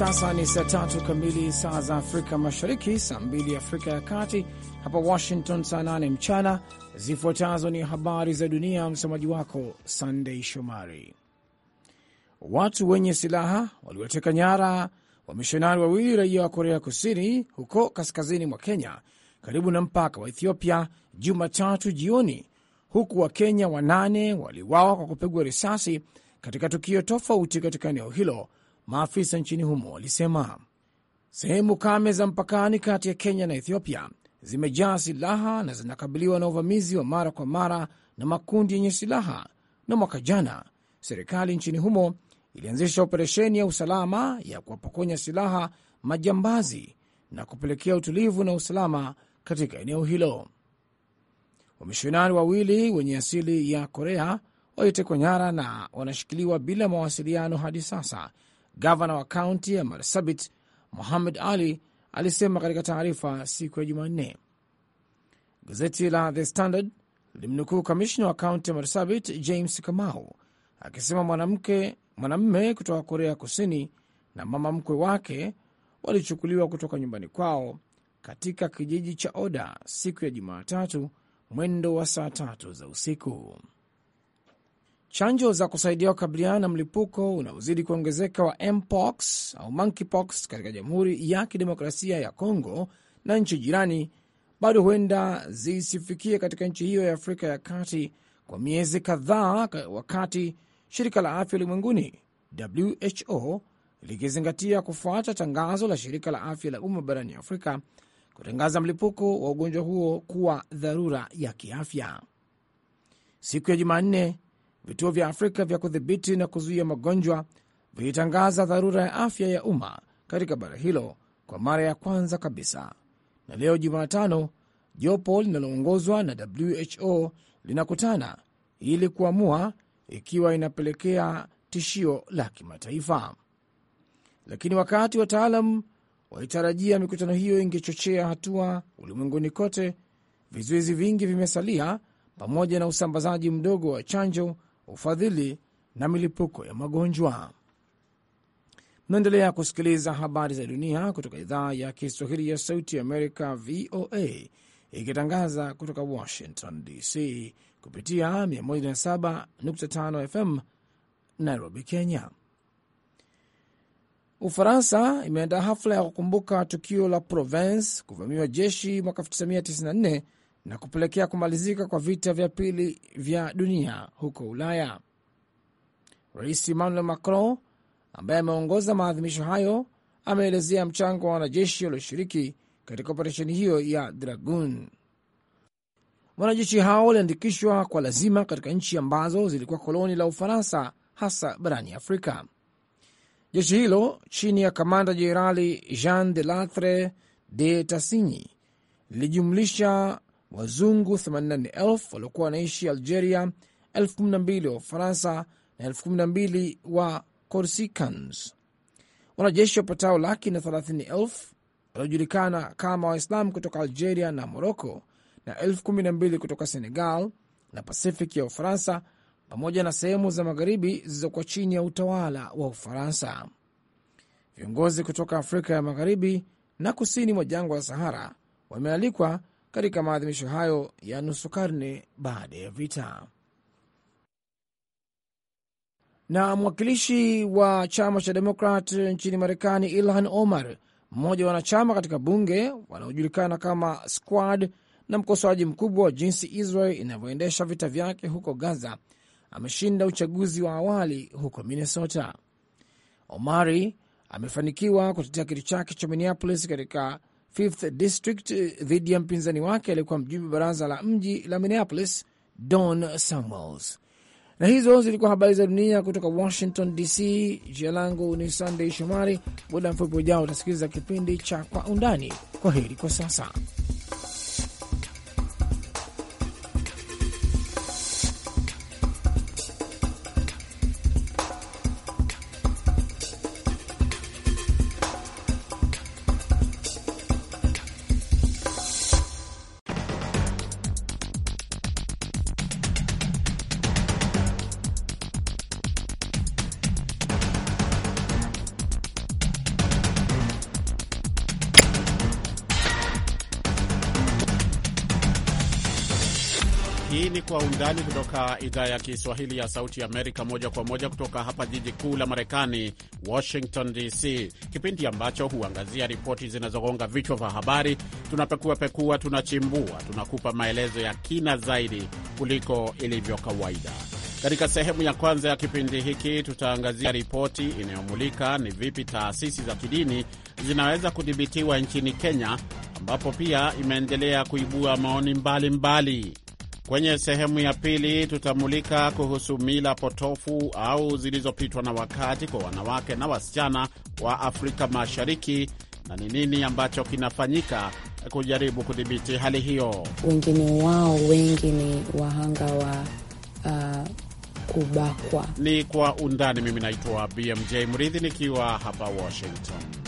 sasa ni saa tatu kamili saa za Afrika Mashariki, saa mbili Afrika ya Kati, hapa Washington saa nane mchana. Zifuatazo ni habari za dunia, msomaji wako Sandei Shomari. Watu wenye silaha waliwateka nyara wamishonari wawili raia wa Korea Kusini huko kaskazini mwa Kenya karibu na mpaka wa Ethiopia Jumatatu jioni, huku Wakenya wanane waliwawa kwa kupigwa risasi katika tukio tofauti katika eneo hilo maafisa nchini humo walisema. Sehemu kame za mpakani kati ya Kenya na Ethiopia zimejaa silaha na zinakabiliwa na uvamizi wa mara kwa mara na makundi yenye silaha, na mwaka jana serikali nchini humo ilianzisha operesheni ya usalama ya kuwapokonya silaha majambazi na kupelekea utulivu na usalama katika eneo hilo. Wamishonari wawili wenye asili ya Korea walitekwa nyara na wanashikiliwa bila mawasiliano hadi sasa Gavana wa kaunti ya Marsabit Muhamed Ali alisema katika taarifa siku ya Jumanne. Gazeti la The Standard limnukuu kamishna wa kaunti ya Marsabit James Kamau akisema mwanamke mwanamme kutoka Korea Kusini na mama mkwe wake walichukuliwa kutoka nyumbani kwao katika kijiji cha Oda siku ya Jumatatu mwendo wa saa tatu za usiku. Chanjo za kusaidia kukabiliana na mlipuko unaozidi kuongezeka wa mpox au monkeypox katika Jamhuri ya Kidemokrasia ya Kongo na nchi jirani bado huenda zisifikie katika nchi hiyo ya Afrika ya Kati kwa miezi kadhaa, wakati shirika la afya ulimwenguni WHO likizingatia kufuata tangazo la shirika la afya la umma barani Afrika kutangaza mlipuko wa ugonjwa huo kuwa dharura ya kiafya. Siku ya Jumanne, vituo vya Afrika vya kudhibiti na kuzuia magonjwa vilitangaza dharura ya afya ya umma katika bara hilo kwa mara ya kwanza kabisa. Na leo Jumatano, jopo linaloongozwa na WHO linakutana ili kuamua ikiwa inapelekea tishio la kimataifa. Lakini wakati wataalam walitarajia mikutano hiyo ingechochea hatua ulimwenguni kote, vizuizi vingi vimesalia pamoja na usambazaji mdogo wa chanjo ufadhili na milipuko ya magonjwa. Mnaendelea kusikiliza habari za dunia kutoka idhaa ya Kiswahili ya Sauti ya Amerika, VOA, ikitangaza kutoka Washington DC kupitia 107.5 FM Nairobi, Kenya. Ufaransa imeandaa hafla ya kukumbuka tukio la Provence kuvamiwa jeshi mwaka 1994 na kupelekea kumalizika kwa vita vya pili vya dunia huko Ulaya. Rais Emmanuel Macron ambaye ameongoza maadhimisho hayo ameelezea mchango wa wanajeshi walioshiriki katika operesheni hiyo ya Dragoon. Wanajeshi hao waliandikishwa kwa lazima katika nchi ambazo zilikuwa koloni la Ufaransa, hasa barani Afrika. Jeshi hilo chini ya kamanda jenerali Jean de Latre de Tassigny lilijumlisha wazungu 84,000 waliokuwa wanaishi Algeria, 12,000 wa Ufaransa na 12,000 wa Corsicans. Wanajeshi wapatao laki na 30,000 waliojulikana kama waislam kutoka Algeria na Moroko na 12,000 kutoka Senegal na Pacific ya Ufaransa pamoja na sehemu za magharibi zilizokuwa chini ya utawala wa Ufaransa. Viongozi kutoka Afrika ya magharibi na kusini mwa jangwa la Sahara wamealikwa katika maadhimisho hayo ya nusu karne baada ya vita. Na mwakilishi wa chama cha Demokrat nchini Marekani, Ilhan Omar, mmoja wa wanachama katika bunge wanaojulikana kama Squad na mkosoaji mkubwa wa jinsi Israel inavyoendesha vita vyake huko Gaza, ameshinda uchaguzi wa awali huko Minnesota. Omari amefanikiwa kutetea kiti chake cha Minneapolis katika Fifth District dhidi ya mpinzani wake aliyekuwa mjumbe wa baraza la mji la Minneapolis, Don Samuels. Na hizo zilikuwa habari za dunia kutoka Washington DC. Jina langu ni Sandey Shomari. Muda mfupi ujao utasikiliza kipindi cha Kwa Undani. Kwa heri kwa sasa. Kwa Undani kutoka idhaa ya Kiswahili ya Sauti ya Amerika, moja kwa moja kutoka hapa jiji kuu la Marekani, Washington DC, kipindi ambacho huangazia ripoti zinazogonga vichwa vya habari. Tunapekuapekua, tunachimbua, tunakupa maelezo ya kina zaidi kuliko ilivyo kawaida. Katika sehemu ya kwanza ya kipindi hiki tutaangazia ripoti inayomulika ni vipi taasisi za kidini zinaweza kudhibitiwa nchini Kenya, ambapo pia imeendelea kuibua maoni mbalimbali mbali. Kwenye sehemu ya pili tutamulika kuhusu mila potofu au zilizopitwa na wakati kwa wanawake na wasichana wa Afrika Mashariki na ni nini ambacho kinafanyika kujaribu kudhibiti hali hiyo. Wengine wao wengi ni wahanga wa uh, kubakwa. Ni kwa undani. Mimi naitwa BMJ Mridhi nikiwa hapa Washington.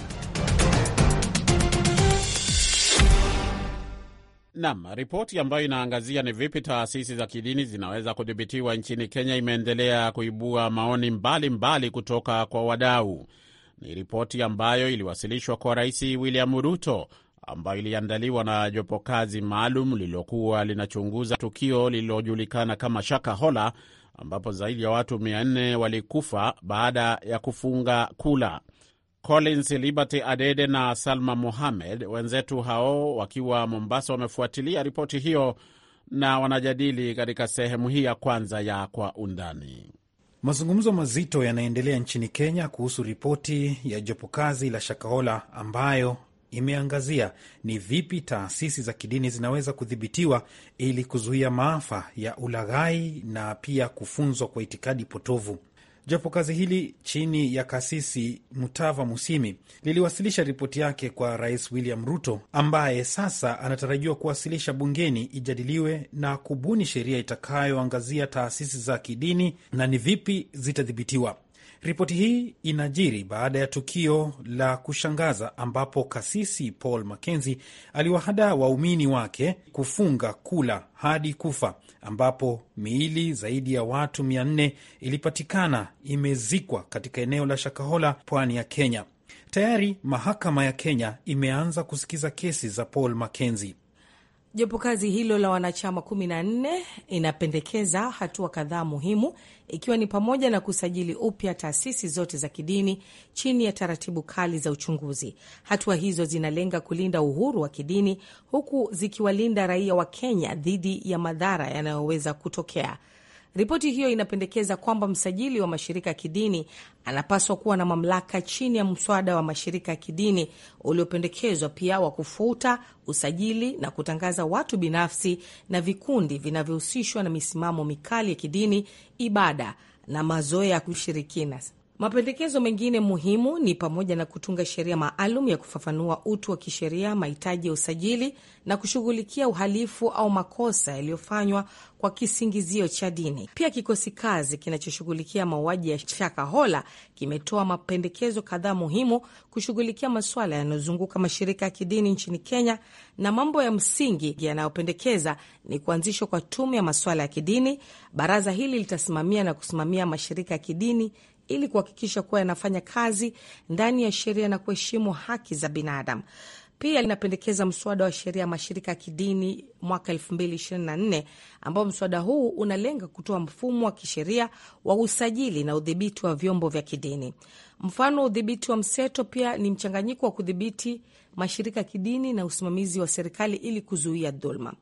Nam, ripoti ambayo inaangazia ni vipi taasisi za kidini zinaweza kudhibitiwa nchini Kenya imeendelea kuibua maoni mbalimbali mbali kutoka kwa wadau. Ni ripoti ambayo iliwasilishwa kwa Rais William Ruto, ambayo iliandaliwa na jopo kazi maalum lililokuwa linachunguza tukio lililojulikana kama Shakahola, ambapo zaidi ya watu 400 walikufa baada ya kufunga kula. Collins Liberty Adede na Salma Mohamed, wenzetu hao wakiwa Mombasa, wamefuatilia ripoti hiyo na wanajadili katika sehemu hii ya kwanza ya Kwa Undani. Mazungumzo mazito yanaendelea nchini Kenya kuhusu ripoti ya jopo kazi la Shakahola ambayo imeangazia ni vipi taasisi za kidini zinaweza kudhibitiwa ili kuzuia maafa ya ulaghai na pia kufunzwa kwa itikadi potovu. Jopo kazi hili chini ya kasisi Mutava Musimi liliwasilisha ripoti yake kwa Rais William Ruto, ambaye sasa anatarajiwa kuwasilisha bungeni ijadiliwe na kubuni sheria itakayoangazia taasisi za kidini na ni vipi zitadhibitiwa. Ripoti hii inajiri baada ya tukio la kushangaza ambapo kasisi Paul makenzi aliwahadaa waumini wake kufunga kula hadi kufa, ambapo miili zaidi ya watu 400 ilipatikana imezikwa katika eneo la Shakahola, pwani ya Kenya. Tayari mahakama ya Kenya imeanza kusikiza kesi za Paul makenzi Jopo kazi hilo la wanachama 14 inapendekeza hatua kadhaa muhimu ikiwa ni pamoja na kusajili upya taasisi zote za kidini chini ya taratibu kali za uchunguzi. Hatua hizo zinalenga kulinda uhuru wa kidini huku zikiwalinda raia wa Kenya dhidi ya madhara yanayoweza kutokea. Ripoti hiyo inapendekeza kwamba msajili wa mashirika ya kidini anapaswa kuwa na mamlaka chini ya mswada wa mashirika ya kidini uliopendekezwa pia wa kufuta usajili na kutangaza watu binafsi na vikundi vinavyohusishwa na misimamo mikali ya kidini, ibada na mazoea ya kushirikina. Mapendekezo mengine muhimu ni pamoja na kutunga sheria maalum ya kufafanua utu wa kisheria, mahitaji ya usajili na kushughulikia uhalifu au makosa yaliyofanywa kwa kisingizio cha dini. Pia kikosi kazi kinachoshughulikia mauaji ya Shakahola kimetoa mapendekezo kadhaa muhimu kushughulikia masuala yanayozunguka mashirika ya kidini nchini Kenya, na mambo ya msingi yanayopendekeza ni kuanzishwa kwa tume ya masuala ya kidini. Baraza hili litasimamia na kusimamia mashirika ya kidini ili kuhakikisha kuwa yanafanya kazi ndani ya sheria na kuheshimu haki za binadamu. Pia linapendekeza mswada wa sheria ya mashirika ya kidini mwaka 2024 ambao mswada huu unalenga kutoa mfumo wa kisheria wa usajili na udhibiti wa vyombo vya kidini. Mfano wa udhibiti wa mseto pia ni mchanganyiko wa kudhibiti mashirika ya kidini na usimamizi wa serikali ili kuzuia dhuluma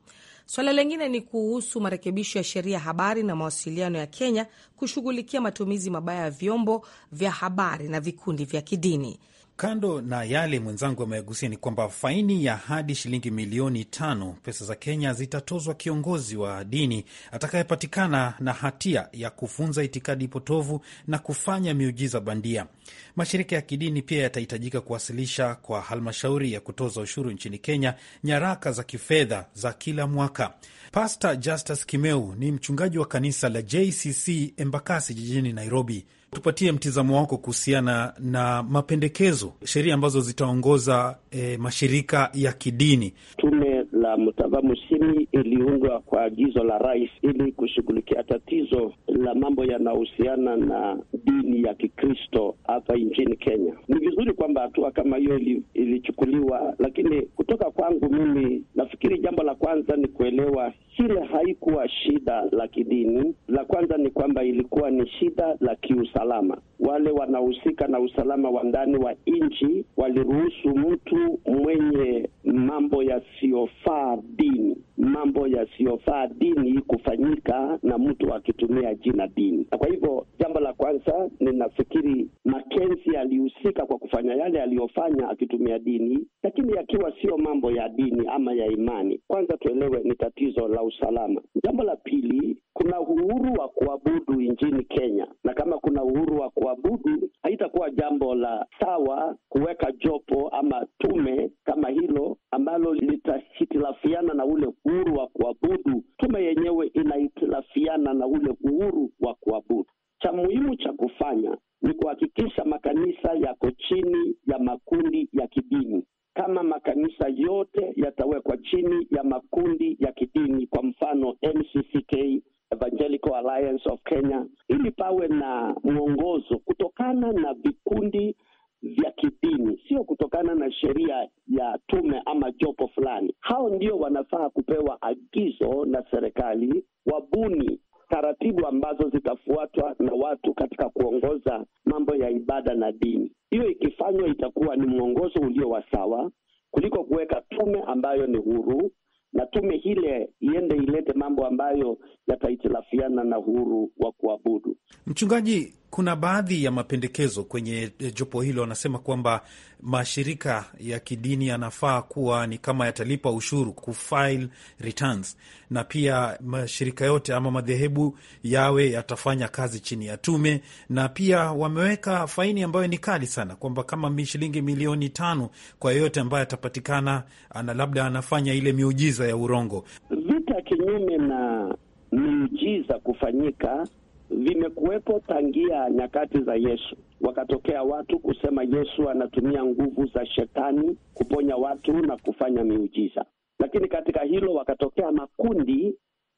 swala lingine ni kuhusu marekebisho ya sheria ya habari na mawasiliano ya Kenya kushughulikia matumizi mabaya ya vyombo vya habari na vikundi vya kidini. Kando na yale mwenzangu amegusia, ni kwamba faini ya hadi shilingi milioni tano pesa za Kenya zitatozwa kiongozi wa dini atakayepatikana na hatia ya kufunza itikadi potovu na kufanya miujiza bandia. Mashirika ya kidini pia yatahitajika kuwasilisha kwa halmashauri ya kutoza ushuru nchini Kenya nyaraka za kifedha za kila mwaka. Pastor Justus Kimeu ni mchungaji wa kanisa la JCC Embakasi jijini Nairobi. Tupatie mtizamo wako kuhusiana na mapendekezo, sheria ambazo zitaongoza e, mashirika ya kidini. Tume la Mutava Mushimi iliundwa kwa agizo la rais ili kushughulikia tatizo la mambo yanayohusiana na dini ya Kikristo hapa nchini Kenya. Ni vizuri kwamba hatua kama hiyo ilichukuliwa, lakini kutoka kwangu mimi nafikiri jambo la kwanza ni kuelewa Chile haikuwa shida la kidini. La kwanza ni kwamba ilikuwa ni shida la kiusalama. Wale wanahusika na usalama wa ndani wa nchi waliruhusu mtu mwenye mambo yasiyofaa dini mambo yasiyofaa dini kufanyika na mtu akitumia jina dini. Na kwa hivyo jambo la kwanza, ninafikiri Makenzi alihusika kwa kufanya yale aliyofanya akitumia dini, lakini yakiwa sio mambo ya dini ama ya imani. Kwanza tuelewe ni tatizo la usalama. Jambo la pili, kuna uhuru wa kuabudu nchini Kenya, na kama kuna uhuru wa kuabudu, haitakuwa jambo la sawa kuweka jopo ama tume kama hilo ambalo litahitilafiana na ule uhuru wa kuabudu. Tume yenyewe inahitilafiana na ule uhuru wa kuabudu. Cha muhimu cha kufanya ni kuhakikisha makanisa yako chini ya makundi ya kidini. Kama makanisa yote yatawekwa chini ya makundi ya kidini, kwa mfano MCCK, Evangelical Alliance of Kenya, ili pawe na mwongozo kutokana na vikundi vya kidini, sio kutokana na sheria ya tume ama jopo fulani. Hao ndio wanafaa kupewa agizo na serikali wabuni taratibu ambazo zitafuatwa na watu katika kuongoza mambo ya ibada na dini. Hiyo ikifanywa itakuwa ni mwongozo ulio wa sawa kuliko kuweka tume ambayo ni huru, na tume ile iende ilete mambo ambayo yatahitilafiana na uhuru wa kuabudu. Mchungaji, kuna baadhi ya mapendekezo kwenye eh, jopo hilo, wanasema kwamba mashirika ya kidini yanafaa kuwa ni kama yatalipa ushuru kufile returns, na pia mashirika yote ama madhehebu yawe yatafanya kazi chini ya tume, na pia wameweka faini ambayo ni kali sana, kwamba kama shilingi milioni tano kwa yeyote ambaye atapatikana ana labda anafanya ile miujiza ya urongo, vita kinyume na miujiza kufanyika vimekuwepo tangia nyakati za Yesu. Wakatokea watu kusema Yesu anatumia nguvu za shetani kuponya watu na kufanya miujiza, lakini katika hilo wakatokea makundi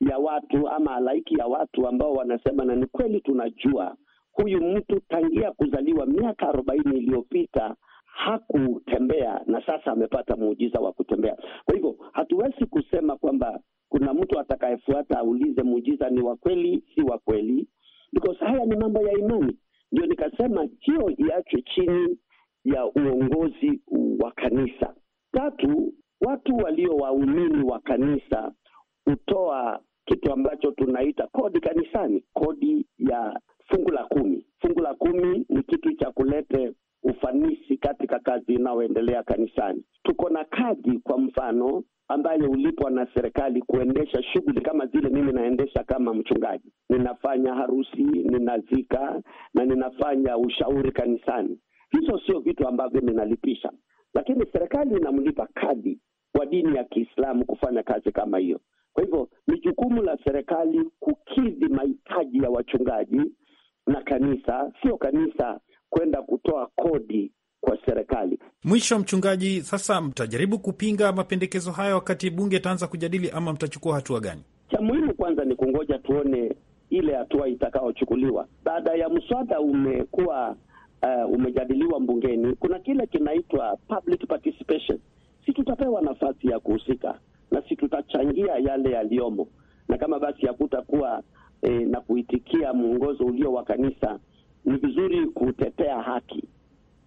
ya watu ama halaiki ya watu ambao wanasema, na ni kweli, tunajua huyu mtu tangia kuzaliwa miaka arobaini iliyopita hakutembea na sasa amepata muujiza wa kutembea. Kwa hivyo hatuwezi kusema kwamba kuna mtu atakayefuata aulize muujiza ni wa kweli, si wa kweli, because haya ni mambo ya imani. Ndio nikasema hiyo iachwe chini ya uongozi wa kanisa. Tatu, watu walio waumini wa kanisa hutoa kitu ambacho tunaita kodi kanisani, kodi ya fungu la kumi. Fungu la kumi ni kitu cha kulete ufanisi katika kazi inayoendelea kanisani. Tuko na kadi, kwa mfano ambayo ulipwa na serikali kuendesha shughuli kama zile mimi naendesha kama mchungaji. Ninafanya harusi, ninazika na ninafanya ushauri kanisani. Hizo sio vitu ambavyo ninalipisha, lakini serikali inamlipa kadhi wa dini ya Kiislamu kufanya kazi kama hiyo. Kwa hivyo ni jukumu la serikali kukidhi mahitaji ya wachungaji na kanisa, sio kanisa kwenda kutoa kodi kwa serikali. Mwisho mchungaji, sasa mtajaribu kupinga mapendekezo haya wakati bunge itaanza kujadili ama mtachukua hatua gani? Cha muhimu kwanza ni kungoja tuone ile hatua itakayochukuliwa baada ya mswada umekuwa uh, umejadiliwa bungeni. Kuna kile kinaitwa public participation, si tutapewa nafasi ya kuhusika na si tutachangia yale yaliyomo, na kama basi hakutakuwa eh, na kuitikia mwongozo ulio wa kanisa, ni vizuri kutetea haki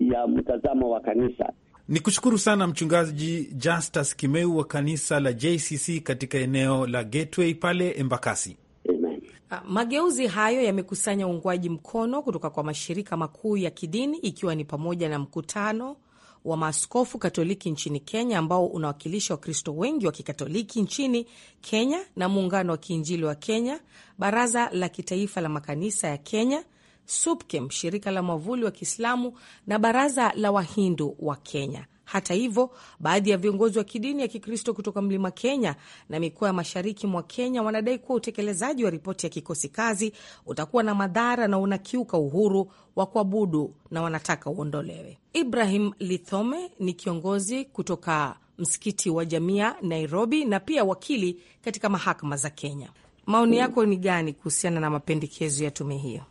ya mtazamo wa kanisa. Ni kushukuru sana Mchungaji Justus Kimeu wa kanisa la JCC katika eneo la Gateway pale Embakasi. Ah, mageuzi hayo yamekusanya uungwaji mkono kutoka kwa mashirika makuu ya kidini ikiwa ni pamoja na mkutano wa maaskofu Katoliki nchini Kenya ambao unawakilisha Wakristo wengi wa Kikatoliki nchini Kenya na muungano wa kiinjili wa Kenya, baraza la kitaifa la makanisa ya Kenya, SUPKEM, shirika la mwavuli wa Kiislamu na baraza la Wahindu wa Kenya. Hata hivyo, baadhi ya viongozi wa kidini ya Kikristo kutoka mlima Kenya na mikoa ya mashariki mwa Kenya wanadai kuwa utekelezaji wa ripoti ya kikosi kazi utakuwa na madhara na unakiuka uhuru wa kuabudu na wanataka uondolewe. Ibrahim Lithome ni kiongozi kutoka msikiti wa Jamia Nairobi na pia wakili katika mahakama za Kenya. Maoni yako ni gani kuhusiana na mapendekezo ya tume hiyo?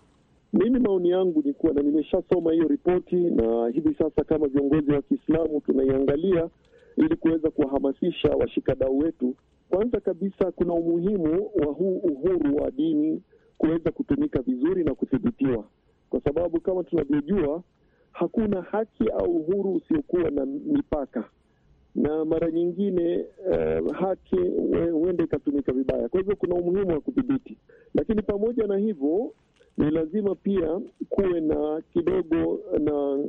Mimi maoni yangu ni kuwa, na nimeshasoma hiyo ripoti, na hivi sasa kama viongozi wa Kiislamu tunaiangalia ili kuweza kuwahamasisha washikadau wetu. Kwanza kabisa, kuna umuhimu wa huu uhuru wa dini kuweza kutumika vizuri na kuthibitiwa, kwa sababu kama tunavyojua, hakuna haki au uhuru usiokuwa na mipaka, na mara nyingine uh, haki huenda ikatumika vibaya. Kwa hivyo kuna umuhimu wa kudhibiti, lakini pamoja na hivyo ni lazima pia kuwe na kidogo na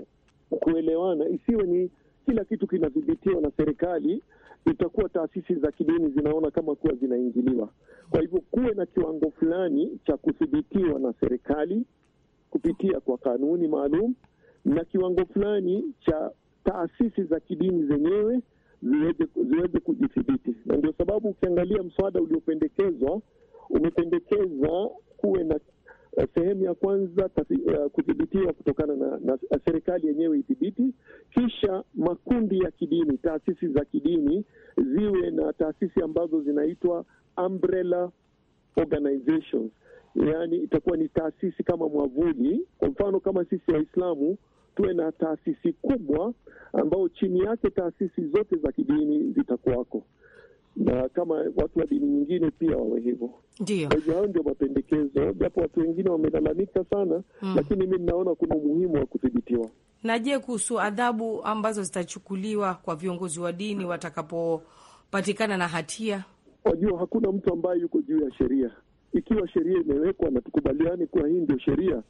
kuelewana, isiwe ni kila kitu kinadhibitiwa na serikali. Itakuwa taasisi za kidini zinaona kama kuwa zinaingiliwa. Kwa hivyo kuwe na kiwango fulani cha kudhibitiwa na serikali kupitia kwa kanuni maalum na kiwango fulani cha taasisi za kidini zenyewe ziweze, ziweze kujithibiti. Na ndio sababu ukiangalia mswada uliopendekezwa umependekeza kuwe na Eh, sehemu ya kwanza uh, kudhibitiwa kutokana na, na serikali yenyewe idhibiti, kisha makundi ya kidini, taasisi za kidini ziwe na taasisi ambazo zinaitwa umbrella organizations, yaani itakuwa ni taasisi kama mwavuli. Kwa mfano kama sisi Waislamu tuwe na taasisi kubwa ambayo chini yake taasisi zote za kidini zitakuwako na kama watu wa dini nyingine pia wawe hivyo. Ndio, kwa hivyo hayo ndio mapendekezo, japo watu wengine wamelalamika sana mm. Lakini mi ninaona kuna umuhimu wa kudhibitiwa. Na je, kuhusu adhabu ambazo zitachukuliwa kwa viongozi wa dini watakapopatikana na hatia? Wajua, hakuna mtu ambaye yuko juu ya sheria. Ikiwa sheria imewekwa na tukubaliane kuwa hii ndio sheria,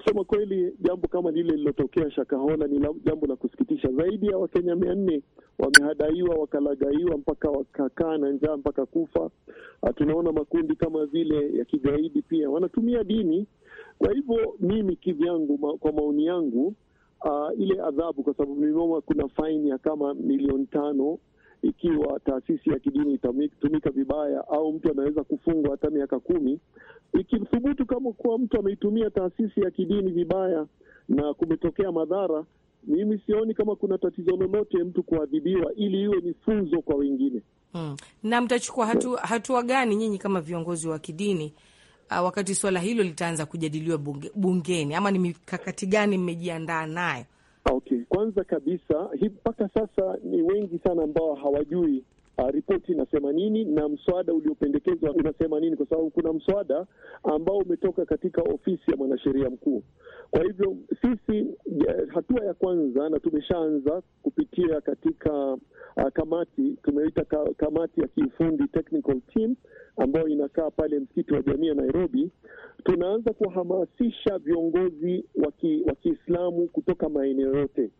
Kusema kweli, jambo kama lile lilotokea Shakahola ni jambo la kusikitisha. Zaidi ya Wakenya mia nne wamehadaiwa, wakalagaiwa mpaka wakakaa na njaa mpaka kufa. Ah, tunaona makundi kama vile ya kigaidi pia wanatumia dini. Kwa hivyo mimi kivyangu ma, kwa maoni yangu Uh, ile adhabu kwa sababu nimeona kuna faini ya kama milioni tano ikiwa taasisi ya kidini itatumika vibaya au mtu anaweza kufungwa hata miaka kumi. Ikimthubutu kama kuwa mtu ameitumia taasisi ya kidini vibaya na kumetokea madhara, mimi sioni kama kuna tatizo lolote mtu kuadhibiwa, ili iwe ni funzo kwa wengine. Hmm. Na mtachukua hatua hatua gani nyinyi kama viongozi wa kidini uh, wakati suala hilo litaanza kujadiliwa bunge, bungeni ama ni mikakati gani mmejiandaa nayo? Okay, kwanza kabisa, hii mpaka sasa ni wengi sana ambao hawajui uh, ripoti inasema nini na mswada uliopendekezwa unasema nini, kwa sababu kuna mswada ambao umetoka katika ofisi ya mwanasheria mkuu. Kwa hivyo sisi, eh, hatua ya kwanza, na tumeshaanza kupitia katika uh, kamati tumeita ka, kamati ya kiufundi technical team ambayo inakaa pale msikiti wa jamii ya Nairobi. Tunaanza kuhamasisha viongozi wa Kiislamu kutoka maeneo yote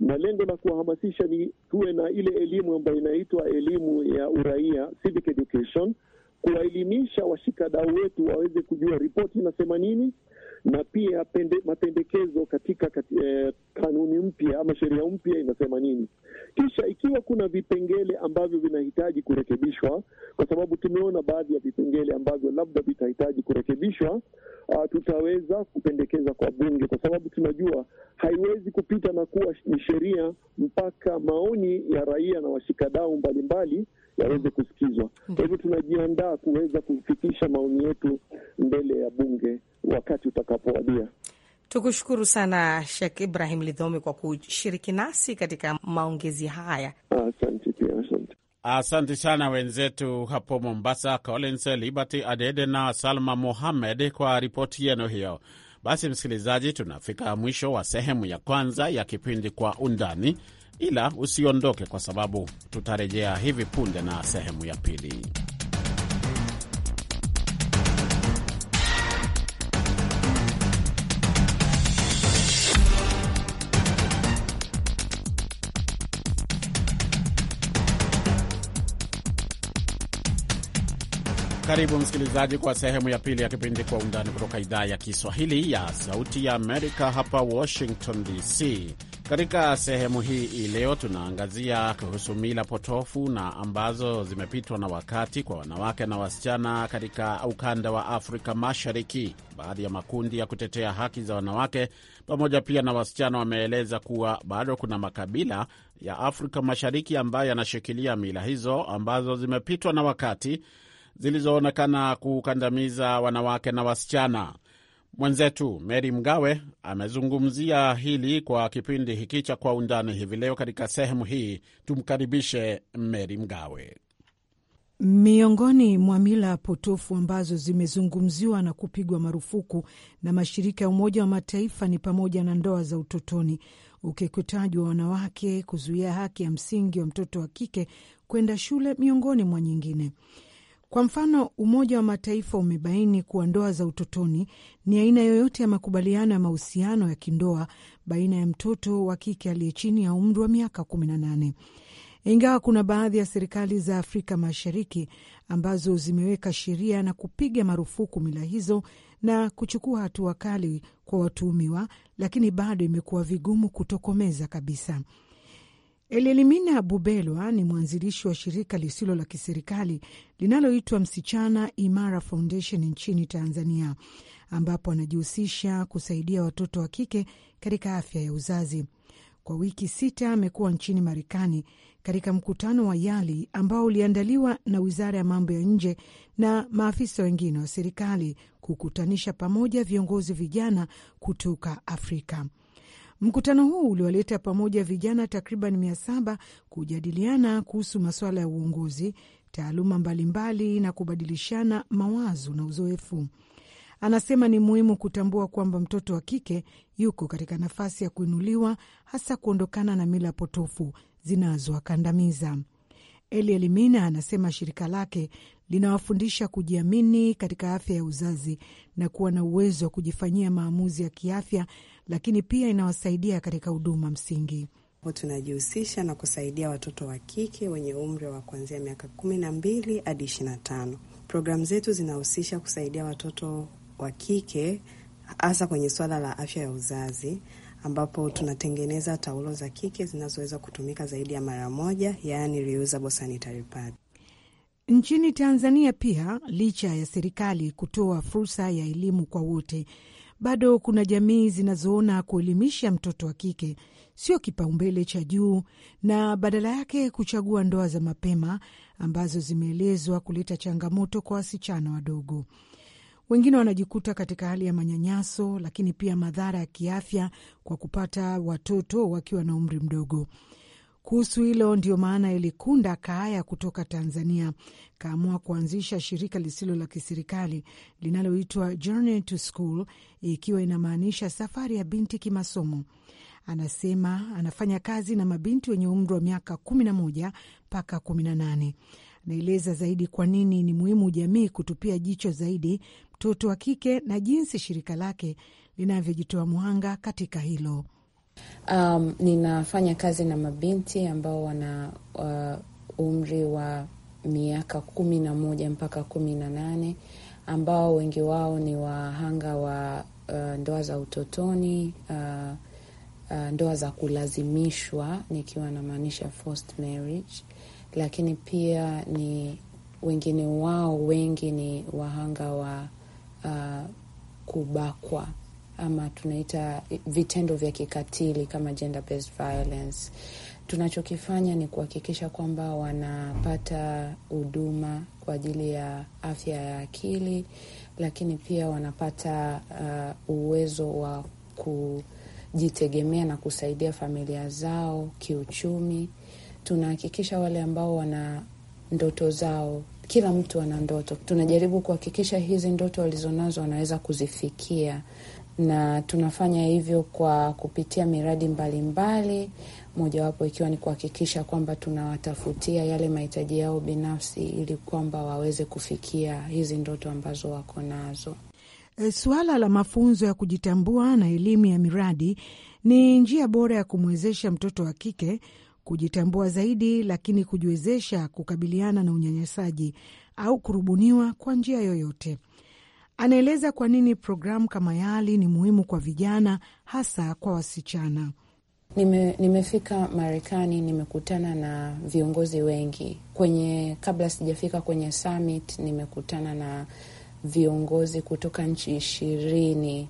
na lengo la kuwahamasisha ni tuwe na ile elimu ambayo inaitwa elimu ya uraia, civic education, kuwaelimisha washikadau wetu waweze kujua ripoti inasema nini na pia pende, mapendekezo katika kat, eh, kanuni mpya ama sheria mpya inasema nini. Kisha ikiwa kuna vipengele ambavyo vinahitaji kurekebishwa, kwa sababu tumeona baadhi ya vipengele ambavyo labda vitahitaji kurekebishwa, uh, tutaweza kupendekeza kwa bunge, kwa sababu tunajua haiwezi kupita na kuwa ni sheria mpaka maoni ya raia na washikadau mbalimbali mbali, yaweze kusikizwa. Kwa hmm. hivyo tunajiandaa kuweza kufikisha maoni yetu mbele ya bunge wakati utakapowadia. Tukushukuru sana Shek Ibrahim Lidhomi kwa kushiriki nasi katika maongezi haya. Asante pia, asante. Asante sana wenzetu hapo Mombasa, Collins Liberty Adede na Salma Mohamed kwa ripoti yenu hiyo. Basi msikilizaji, tunafika mwisho wa sehemu ya kwanza ya kipindi Kwa Undani ila usiondoke, kwa sababu tutarejea hivi punde na sehemu ya pili. Karibu msikilizaji, kwa sehemu ya pili ya kipindi Kwa Undani kutoka idhaa ya Kiswahili ya Sauti ya Amerika, hapa Washington DC. Katika sehemu hii ileo tunaangazia kuhusu mila potofu na ambazo zimepitwa na wakati kwa wanawake na wasichana katika ukanda wa Afrika Mashariki. Baadhi ya makundi ya kutetea haki za wanawake pamoja pia na wasichana wameeleza kuwa bado kuna makabila ya Afrika Mashariki ambayo yanashikilia mila hizo ambazo zimepitwa na wakati, zilizoonekana kukandamiza wanawake na wasichana. Mwenzetu Mary Mgawe amezungumzia hili kwa kipindi hiki cha Kwa Undani hivi leo. Katika sehemu hii tumkaribishe Mary Mgawe. Miongoni mwa mila potofu ambazo zimezungumziwa na kupigwa marufuku na mashirika ya Umoja wa Mataifa ni pamoja na ndoa za utotoni, ukeketaji wa wanawake, kuzuia haki ya msingi wa mtoto wa kike kwenda shule, miongoni mwa nyingine. Kwa mfano, Umoja wa Mataifa umebaini kuwa ndoa za utotoni ni aina yoyote ya makubaliano ya mahusiano ya kindoa baina ya mtoto wa kike aliye chini ya umri wa miaka 18. Ingawa kuna baadhi ya serikali za Afrika Mashariki ambazo zimeweka sheria na kupiga marufuku mila hizo na kuchukua hatua kali kwa watuhumiwa, lakini bado imekuwa vigumu kutokomeza kabisa. Elielimina Bubelwa ni mwanzilishi wa shirika lisilo la kiserikali linaloitwa Msichana Imara Foundation nchini Tanzania, ambapo anajihusisha kusaidia watoto wa kike katika afya ya uzazi. Kwa wiki sita amekuwa nchini Marekani katika mkutano wa YALI ambao uliandaliwa na Wizara ya Mambo ya Nje na maafisa wengine wa serikali kukutanisha pamoja viongozi vijana kutoka Afrika. Mkutano huu uliwaleta pamoja vijana takriban mia saba kujadiliana kuhusu masuala ya uongozi, taaluma mbalimbali mbali, na kubadilishana mawazo na uzoefu. Anasema ni muhimu kutambua kwamba mtoto wa kike yuko katika nafasi ya kuinuliwa, hasa kuondokana na mila potofu zinazowakandamiza. Eliel Mina anasema shirika lake linawafundisha kujiamini katika afya ya uzazi na kuwa na uwezo wa kujifanyia maamuzi ya kiafya lakini pia inawasaidia katika huduma msingi. Tunajihusisha na kusaidia watoto wa kike wenye umri wa kuanzia miaka kumi na mbili hadi ishirini na tano. Programu zetu zinahusisha kusaidia watoto wa kike hasa kwenye swala la afya ya uzazi ambapo tunatengeneza taulo za kike zinazoweza kutumika zaidi ya mara moja, yaani reusable sanitary pad. Nchini Tanzania pia, licha ya serikali kutoa fursa ya elimu kwa wote, bado kuna jamii zinazoona kuelimisha mtoto wa kike sio kipaumbele cha juu na badala yake kuchagua ndoa za mapema ambazo zimeelezwa kuleta changamoto kwa wasichana wadogo. Wengine wanajikuta katika hali ya manyanyaso, lakini pia madhara ya kiafya kwa kupata watoto wakiwa na umri mdogo. Kuhusu hilo ndio maana Ilikunda Kaaya kutoka Tanzania kaamua kuanzisha shirika lisilo la kiserikali linaloitwa Journey to School, ikiwa inamaanisha safari ya binti kimasomo. Anasema anafanya kazi na mabinti wenye umri wa miaka kumi na moja mpaka kumi na nane. Anaeleza zaidi kwa nini ni muhimu jamii kutupia jicho zaidi mtoto wa kike na jinsi shirika lake linavyojitoa mwanga katika hilo. Um, ninafanya kazi na mabinti ambao wana uh, umri wa miaka kumi na moja mpaka kumi na nane ambao wengi wao ni wahanga wa uh, ndoa za utotoni uh, uh, ndoa za kulazimishwa nikiwa namaanisha forced marriage, lakini pia ni wengine wao wengi ni wahanga wa uh, kubakwa ama tunaita eh, vitendo vya kikatili kama gender based violence. Tunachokifanya ni kuhakikisha kwamba wanapata huduma kwa ajili ya afya ya akili, lakini pia wanapata uh, uwezo wa kujitegemea na kusaidia familia zao kiuchumi. Tunahakikisha wale ambao wana ndoto zao, kila mtu ana ndoto, tunajaribu kuhakikisha hizi ndoto walizonazo wanaweza kuzifikia na tunafanya hivyo kwa kupitia miradi mbalimbali, mojawapo ikiwa ni kuhakikisha kwamba tunawatafutia yale mahitaji yao binafsi ili kwamba waweze kufikia hizi ndoto ambazo wako nazo. Eh, suala la mafunzo ya kujitambua na elimu ya miradi ni njia bora ya kumwezesha mtoto wa kike kujitambua zaidi, lakini kujiwezesha kukabiliana na unyanyasaji au kurubuniwa kwa njia yoyote. Anaeleza kwa nini programu kama YALI ni muhimu kwa vijana, hasa kwa wasichana. Nime, nimefika Marekani, nimekutana na viongozi wengi kwenye, kabla sijafika kwenye summit, nimekutana na viongozi kutoka nchi ishirini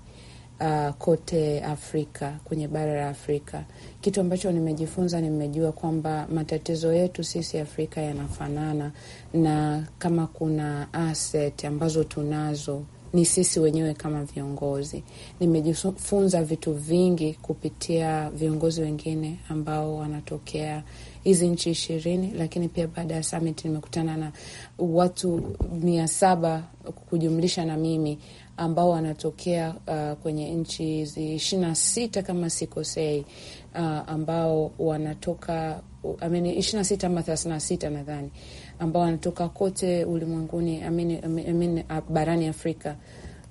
uh, kote Afrika, kwenye bara la Afrika. Kitu ambacho nimejifunza, nimejua kwamba matatizo yetu sisi Afrika yanafanana, na kama kuna asset ambazo tunazo ni sisi wenyewe kama viongozi. Nimejifunza vitu vingi kupitia viongozi wengine ambao wanatokea hizi nchi ishirini, lakini pia baada ya summit nimekutana na watu mia saba kujumlisha na mimi ambao wanatokea uh, kwenye nchi hizi ishirini na sita kama sikosei, uh, ambao wanatoka uh, ishirini na sita ama thelathini na sita nadhani ambao wanatoka kote ulimwenguni, I mean, I mean, uh, barani Afrika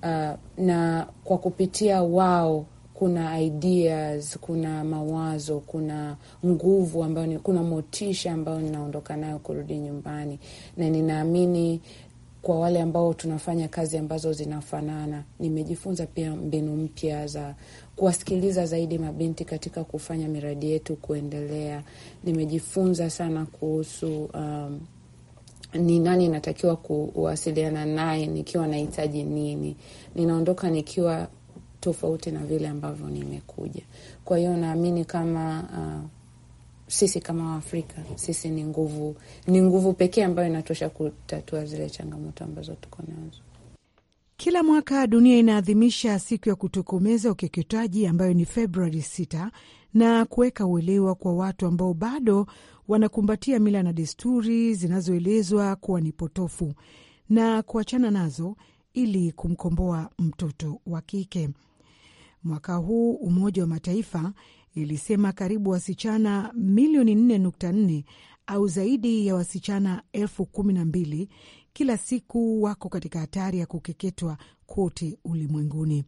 uh, na kwa kupitia wao kuna ideas, kuna mawazo, kuna nguvu ambayo ni, kuna motisha ambayo ninaondoka nayo kurudi nyumbani, na ninaamini kwa wale ambao tunafanya kazi ambazo zinafanana, nimejifunza pia mbinu mpya za kuwasikiliza zaidi mabinti katika kufanya miradi yetu kuendelea. Nimejifunza sana kuhusu um, ni nani natakiwa kuwasiliana naye, nikiwa nahitaji nini, ninaondoka nikiwa tofauti na vile ambavyo nimekuja. Kwa hiyo naamini kama uh, sisi kama Waafrika sisi ni nguvu, ni nguvu pekee ambayo inatosha kutatua zile changamoto ambazo tuko nazo. Kila mwaka dunia inaadhimisha siku ya kutokomeza ukeketaji ambayo ni Februari 6 na kuweka uelewa kwa watu ambao bado wanakumbatia mila na desturi zinazoelezwa kuwa ni potofu na kuachana nazo ili kumkomboa mtoto wa kike. Mwaka huu Umoja wa Mataifa ilisema karibu wasichana milioni 4.4 au zaidi ya wasichana elfu kumi na mbili kila siku wako katika hatari ya kukeketwa kote ulimwenguni.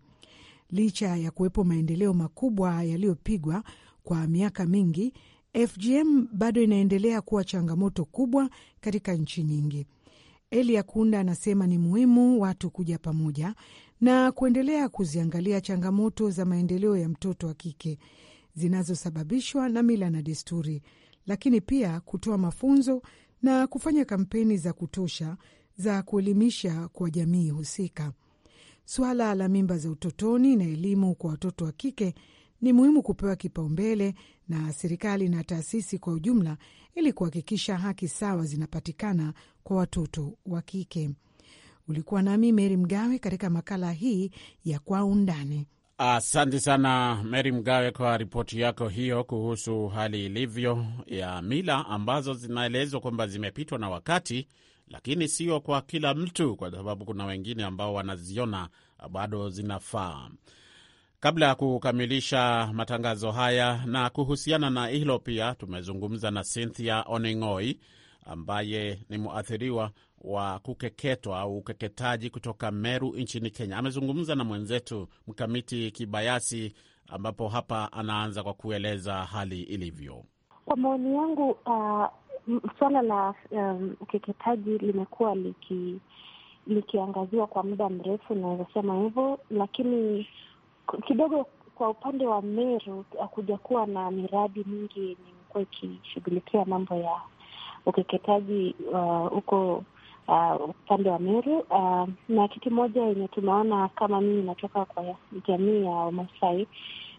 Licha ya kuwepo maendeleo makubwa yaliyopigwa kwa miaka mingi FGM bado inaendelea kuwa changamoto kubwa katika nchi nyingi. Elia Kunda anasema ni muhimu watu kuja pamoja na kuendelea kuziangalia changamoto za maendeleo ya mtoto wa kike zinazosababishwa na mila na desturi, lakini pia kutoa mafunzo na kufanya kampeni za kutosha za kuelimisha kwa jamii husika. Suala la mimba za utotoni na elimu kwa watoto wa kike ni muhimu kupewa kipaumbele na serikali na taasisi kwa ujumla ili kuhakikisha haki sawa zinapatikana kwa watoto wa kike. Ulikuwa nami Meri Mgawe katika makala hii ya Kwa Undani. Asante sana Meri Mgawe kwa ripoti yako hiyo kuhusu hali ilivyo ya mila ambazo zinaelezwa kwamba zimepitwa na wakati, lakini sio kwa kila mtu, kwa sababu kuna wengine ambao wanaziona bado zinafaa. Kabla ya kukamilisha matangazo haya, na kuhusiana na hilo pia tumezungumza na Cynthia Oning'oi ambaye ni mwathiriwa wa kukeketwa au ukeketaji kutoka Meru nchini Kenya. Amezungumza na mwenzetu Mkamiti Kibayasi, ambapo hapa anaanza kwa kueleza hali ilivyo. Kwa maoni yangu, uh, suala la um, ukeketaji limekuwa liki likiangaziwa kwa muda mrefu, naweza sema hivyo, lakini kidogo kwa upande wa Meru hakuja kuwa na miradi mingi yenye imekuwa ikishughulikia mambo ya ukeketaji uh, huko uh, uh, upande wa Meru uh, na kitu moja yenye tumeona kama mimi inatoka kwa jamii ya Wamasai,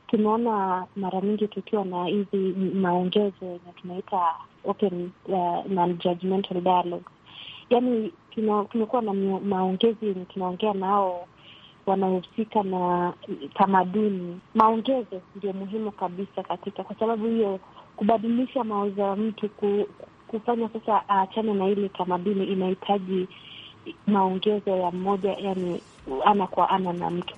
tumeona mara nyingi tukiwa na hizi maongezo yenye tunaita open uh, non-judgmental dialogue, yaani tumekuwa na maongezi yenye tunaongea nao wanaohusika na tamaduni. Maongezo ndio muhimu kabisa katika, kwa sababu hiyo kubadilisha mawazo ya mtu ku, kufanya sasa aachane uh, na ile tamaduni inahitaji maongezo ya mmoja, yani ana kwa ana na mtu.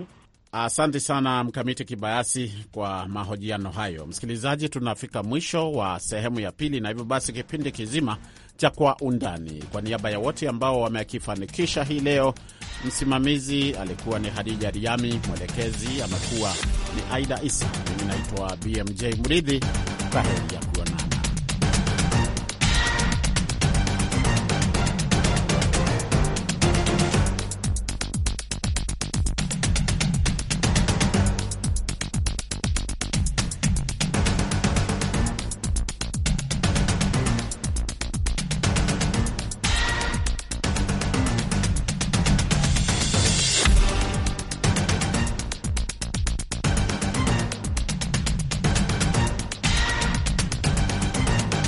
Asante sana Mkamiti Kibayasi kwa mahojiano hayo. Msikilizaji, tunafika mwisho wa sehemu ya pili, na hivyo basi kipindi kizima cha Kwa Undani. Kwa niaba ya wote ambao wamekifanikisha hii leo, msimamizi alikuwa ni Hadija Riami, mwelekezi amekuwa ni Aida Isa, mimi naitwa BMJ kwa Kwaheri ya kuona.